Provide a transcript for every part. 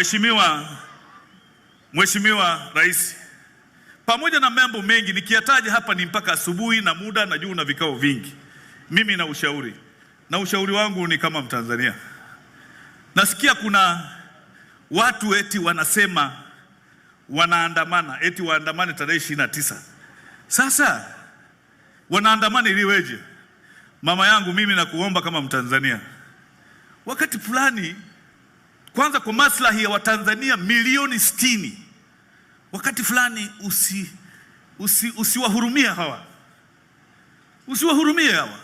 Mheshimiwa Mheshimiwa Rais, pamoja na mambo mengi nikiyataja hapa ni mpaka asubuhi na muda na juu na vikao vingi. Mimi na ushauri na ushauri wangu ni kama Mtanzania, nasikia kuna watu eti wanasema wanaandamana eti waandamane tarehe ishirini na tisa. Sasa wanaandamana iliweje? Mama yangu, mimi nakuomba kama Mtanzania, wakati fulani kwanza kwa maslahi ya Watanzania milioni sitini. Wakati fulani usi usiwahurumia hawa usiwahurumie hawa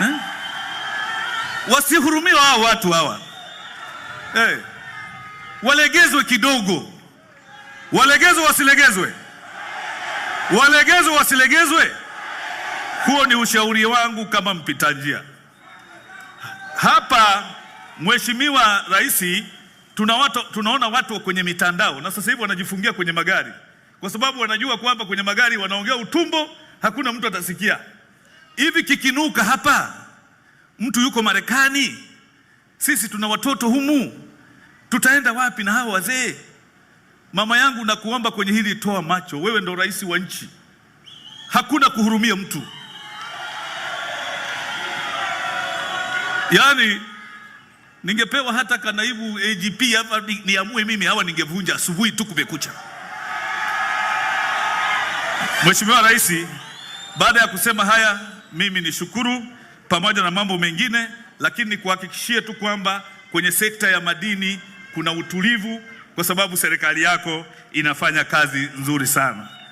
eh? Wasihurumie hawa watu hawa eh. Walegezwe kidogo, walegezwe wasilegezwe, walegezwe wasilegezwe. Huo ni ushauri wangu kama mpita njia hapa. Mheshimiwa Rais, tuna watu, tunaona watu kwenye mitandao na sasa hivi wanajifungia kwenye magari kwa sababu wanajua kwamba kwenye magari wanaongea utumbo, hakuna mtu atasikia. Hivi kikinuka hapa, mtu yuko Marekani, sisi tuna watoto humu, tutaenda wapi na hawa wazee? Mama yangu, nakuomba kwenye hili, toa macho. Wewe ndo rais wa nchi, hakuna kuhurumia mtu yani Ningepewa hata kanaibu AGP hapa niamue mimi, hawa ningevunja asubuhi tu kumekucha. Mheshimiwa Rais, baada ya kusema haya, mimi ni shukuru pamoja na mambo mengine, lakini nikuhakikishie tu kwamba kwenye sekta ya madini kuna utulivu, kwa sababu serikali yako inafanya kazi nzuri sana.